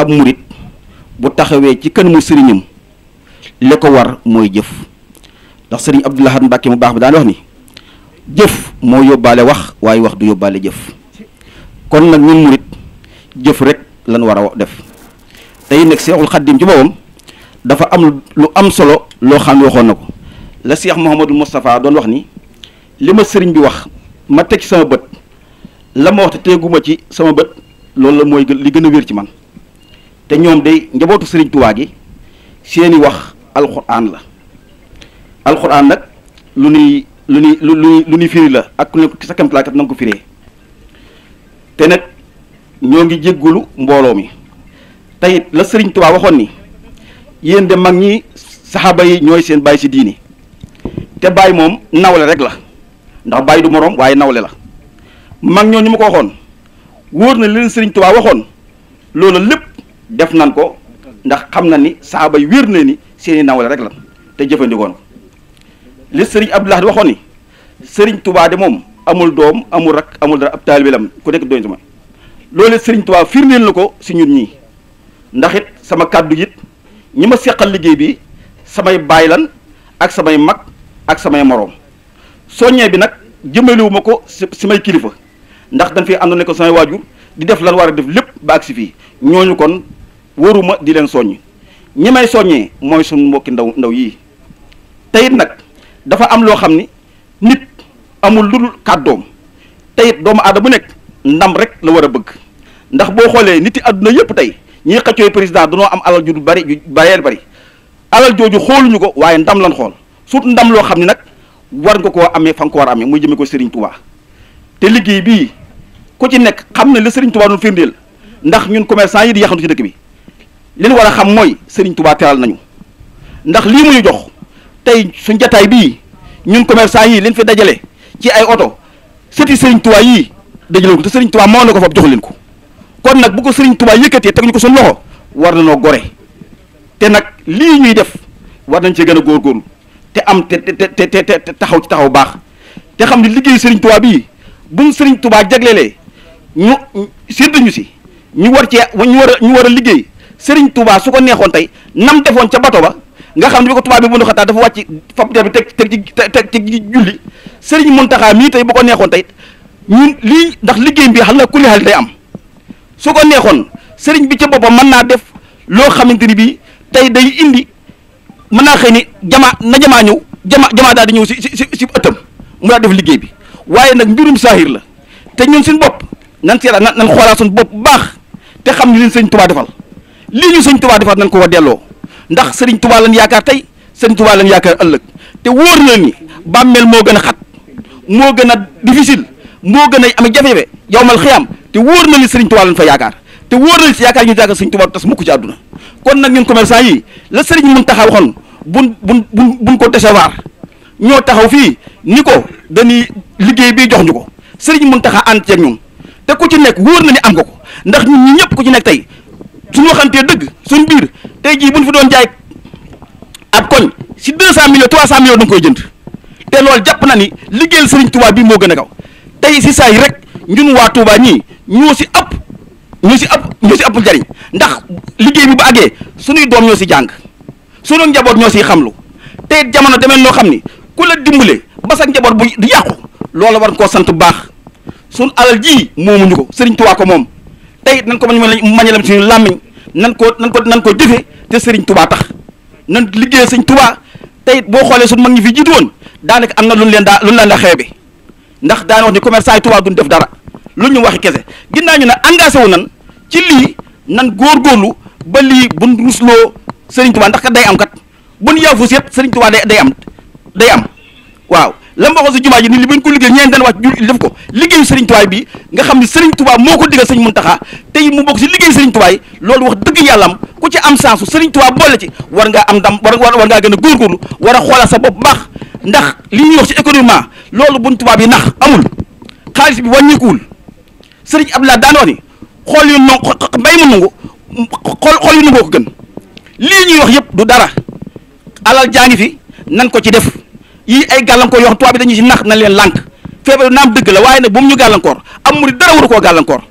ab murit bu taxawee ci kanamu sëriñam li ko war mooy jëf ndax sëriñ Abdou Lahad Mbacke mu baax bi daan wax ni jëf moo yóbbaale wax waaye wax du yóbbaale jëf kon nag ñun murit jëf rek lan war a def tey nekk seexul xaddim ci boppam dafa am lu am solo loo xam ne waxoon na ko la seex Mouhamadou Moustapha doon wax ni li ma sëriñ bi wax ma teg ci sama bët la ma wax te teguma ci sama bët loolu la mooy gën li gën a wér ci man te ñoom day njabootu sëriñ Tuubaa gi seeni wax alxuraan la alxuraan nag lu nuy lu nuy lu nuy lu nuy firi la ak ku ne sa kemtalaakat na nga ko firee te nag ñoo ngi jéggulu mbooloo mi teyit la sëriñ Tuubaa waxoon ni yéen de mag ñi saxaaba yi ñooy seen bàyyi si diini te bàyyi moom nawle rek la ndax bàyyi du moroom waaye nawle la mag ñoo ñi ma ko waxoon wóor na leen sëriñ Tuubaa waxoon loolu lépp def nan ko ndax xam na ni saaba yi wér na ni seeni nawale rek la te jëfandikoon ko li sëriñ Abdoulaye waxoon ni sëriñ Touba di moom amul doom amul rak amul dara ab taalibe lam ku nekk doon sama loolu sëriñ Touba firndeel na ko si ñun ñii ndaxit sama kàddu it ñi ma seqal liggéey bi samay baay lan ak samay mag ak samay moroom soññee bi nag jëmalewu ko si may kilifa ndax dañ fi àndoon ne ko samay waajur di def lan war a def lépp ba si fii ñooñu kon. waruma di leen soññ ñi may soññee mooy suñu mbokki ndaw ndaw yii teyit nag dafa am loo xam ni nit amul lu dul kàddoom teyit doomu aadama bu nekk ndam rek la war a bëgg ndax boo xoolee nit yi àdduna yëpp tey ñiy xëccooy président danoo am alal ju bari ju bareel bari alal jooju xooluñu ko waaye ndam lan xool sut ndam loo xam ne nag war nga koo amee fa ko war amee muy jëmee ko Serigne Touba te liggéey bii ku ci nekk xam ne li Serigne Touba doon firndeel ndax ñun commerçant yi di yaxantu ci dëkk bi li ñu war a xam mooy Serigne Touba teral nañu ndax lii mu ñu jox tey suñ jataay bii ñun commerçant yii leen fi dajale ci ay oto seti Serigne Touba yii dajale ko te Serigne Touba moo ne ko foofu jox leen ko kon nag bu ko Serigne Touba yëkkatee teg ñu ko suñ loxo war na noo te nag lii ñuy def war nañ cee gën a góor góorgóorlu te am te te te te taxaw ci taxaw baax te xam ne liggéey Serigne Touba bii buñ sëriñ Touba jaglelee ñu séddañu si ñu war cee ñu war a ñu war a liggéey. Serigne tubaa su ko neexoon tey nam defoon ca bato ba nga xam ne bi ko tubaab bi bundu xataa dafa wàcc fab der bi teg teg ci teg ci julli Serigne Mountakha tey bu ko neexoon tey ñun lii ndax liggéey bi xam la kulli xel day am su ko neexoon Serigne bi ca boppam mën naa def loo xamante ni bii tey day indi mën naa xëy ni jamaa na jamaa ñëw jama jamaa daal di ñëw si si si si bi waaye nag mbirum saahir la te ñun suñu bopp nan seera nan xoolaa suñu bopp baax te xam ni leen sëñ Tuubaa defal lii ñu sëñ tubaa defaat nañ ko wa delloo ndax sëriñ tubaa lañ yaakaar tey sëriñ tubaa lañ yaakaar ëllëg te wóor na ni bàmmeel moo gën a xat moo gën a difficile moo gën a am jafe-jafe yow mal xiyaam te wóor na ni sëriñ tubaa lañ fa yaakaar te wóor na ni si yaakaar ñu yaakaar sëriñ tubaa tas mukk ci àdduna kon nag ñun commerçant yi la sëriñ mun taxaw waxoon buñ buñ buñ buñ ko décevoir ñoo taxaw fii ni ko dañuy liggéey bii jox ko sëriñ mun taxaa ànd ceeg te ku ci nekk wóor na ni am nga ko ndax ñëpp ku ci nekk tey suñu waxantee dëgg suñ biir tey jii buñ fi doon jaay ab koñ si deux cent millions trois cent millions da nga koy jënd te loolu jàpp na ni liggéeyal Serigne Touba bii moo gën a gaw tey si saa yi rek ñun waa Touba ñii ñoo si ëpp ñoo si ëpp ñoo si ëpp njariñ ndax liggéey bi bu su suñuy doom ñoo si jàng suñu njaboot ñoo siy xamlu te jamono demee noo xam ni ku la dimbale ba sa njaboot bu du yàqu loola war koo sant bu baax suñ alal jii moomuñu ko Serigne Touba ko moom. tey nan ko mañ mañalam suñu làmmiñ nan ko nan ko nan ko jëfe te sëriñ tubaa tax nan liggéey sëñ tubaa tey boo xoolee suñu mag ñi fi jiitu woon daanaka am na lu leen daa lu leen la bi ndax daan wax ni commerçant yi tubaa duñ def dara lu ñu waxi kese ginnaa ñu ne engagé wu nan ci lii nan góor góorlu ba lii buñ rusloo sëriñ tubaa ndax kat day am kat buñ yaafu si yëpp sëriñ tubaa day day am day am waaw lam waxoon si jumaa ji ni li buñ ko liggéey ñeen daan wàcc ju def ko liggéeyu Serigne Touba bi nga xam ne Serigne Touba moo ko digal Serigne Mountakha tey mu bokk si liggéeyu Serigne Touba yi loolu wax dëgg yàllam ku ci am sansu Serigne Touba boole ci war nga am dam war war ngaa gën a góorgóorlu war a xoolaat sa bopp baax ndax li ñuy wax ci économiquement loolu buñ tubaab yi nax amul xaalis bi wàññikuwul Serigne Abdoulaye daan wax ni xool yu no mbay mu nangu xool xool yu nangoo ko gën li ñuy wax yëpp du dara alal jaa ngi fi nan ko ci def yii ay gàllankoor yoo xam tubaab bi dañuy na leen lànk feebar naam dëgg la waaye nag bu mu ñu gàllankoor am murid dara waru gàllankoor